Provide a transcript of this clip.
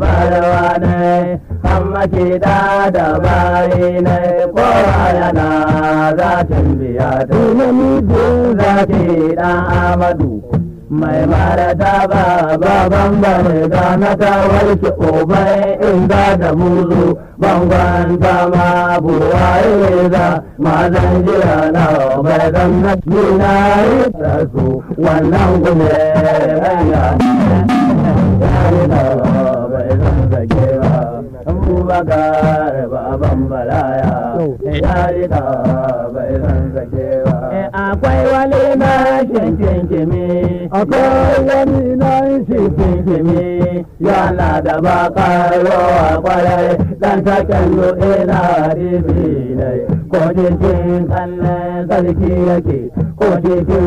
barwa ne hammaci da da bari ne kowa yana zatin biya ta ilimi duk zaki dan amadu mai mara ta ba baban bare ga na kawar ki obai in ga da muzu bangon ta ma buwa za ma zan jira na obai zan na yi wannan gume kewa abubakar baban balaya ya rika bai san akwai wani na kinkimi akwai wani na kinkimi yana da bakar rawa kwarai dan sakan yo ina ne ko sarki yake ko